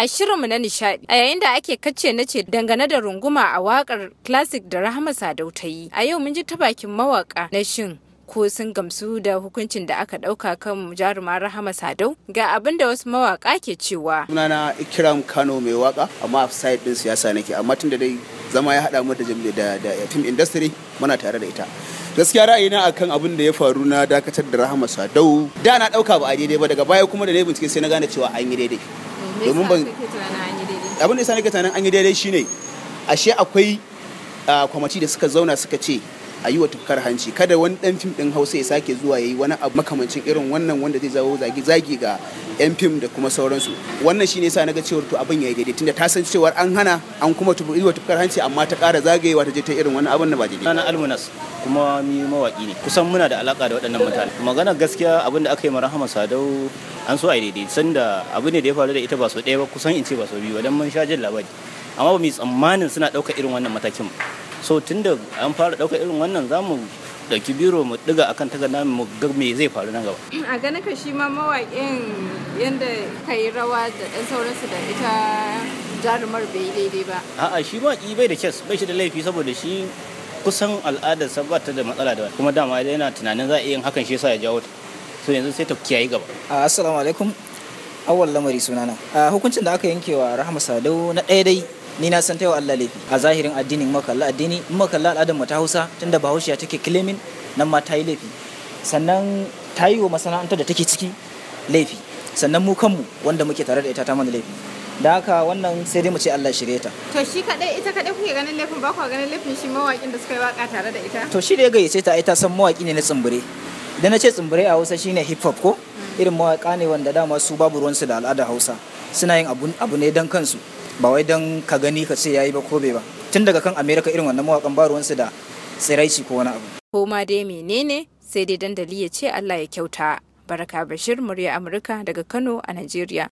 a shirinmu na nishadi a yayin da ake kace na ce dangane da runguma a wakar classic da rahama sadau ta yi a yau mun ji ta bakin mawaka na shin ko sun gamsu da hukuncin da aka dauka kan jaruma rahama sadau ga abin da wasu mawaka ke cewa sunana ikiram kano mai waka amma side din siyasa nake amma tun da dai zama ya hada mu da da team industry muna tare da ita gaskiya ra'ayina akan abin da ya faru na dakatar da rahama sadau da na dauka ba a daidai ba daga baya kuma da na bincike sai na gane cewa an yi daidai domin ban abin da yasa nake tunanin an yi daidai shine ashe akwai kwamiti da suka zauna suka ce a yi wa tukar hanci kada wani dan fim din hausa ya sake zuwa ya yi wani abu makamancin irin wannan wanda zai zawo zagi ga yan fim da kuma sauransu wannan shi ne sa na ga cewar to abin ya yi daidai tunda ta san cewar an hana an kuma yi wa tukar hanci amma ta ƙara zagayewa ta je ta irin wani abin da ba daidai na almunas kuma mi mawaki ne kusan muna da alaka da waɗannan mutane magana gaskiya abin da aka yi marhama sadau an so a yi daidai sanda abu ne da ya faru da ita ba so ɗaya ba kusan in ce ba so biyu ba mun sha jin labari amma ba mu tsammanin suna ɗaukar irin wannan matakin so da an fara ɗaukar irin wannan za mu ɗauki biro mu ɗiga a akan takarda mu ga me zai faru nan gaba a ganin ka shi ma mawaƙin yadda ka yi rawa da ɗan sauransu da ita jarumar bai yi daidai ba a'a shi ma bai da kyas bai shi da laifi saboda shi kusan al'adarsa ba ta da matsala da kuma dama yana tunanin za a iya yin hakan shi yasa ya jawo ta to yanzu sai ta kiyaye gaba assalamu alaikum awwal lamari sunana hukuncin da aka yanke wa rahama sadau na ɗaya dai ni na san wa Allah laifi a zahirin addinin makalla addini in makalla al'adar mu ta Hausa tunda Bahaushe take kilimin nan ma ta yi laifi sannan ta yi wa masana'antar da take ciki laifi sannan mu kanmu wanda muke tare da ita ta mana laifi da haka wannan sai dai mu ce Allah shirye ta to shi kadai ita kadai kuke ganin laifin ba ku ganin laifin shi mawaƙin da suka yi waka tare da ita to shi da ya gayyace ta ai ta san mawaƙi ne na tsumbure da na ce tsumbure a hausa shine hip hop ko irin mawaka ne wanda dama su babu ruwansu da al'ada hausa suna yin abu ne don kansu ba wai don ka gani ka ce yayi ba ko bai ba tun daga kan america irin wannan mawakan ba su da tsiraici ko wani abu ko ma dai menene sai dai dandali ya ce allah ya kyauta baraka bashir murya amurka daga kano a najeriya